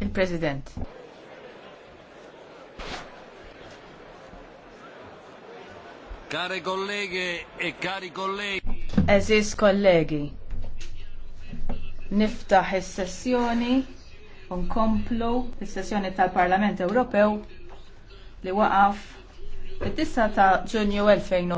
Il-President. Kare colleghe e kari kollegi, Eżis kollegi. Niftaħ is-sessjoni unkomplu is-sessjoni tal-Parlament Ewropew li waqaf fit-9 ta' Ġunju 2000.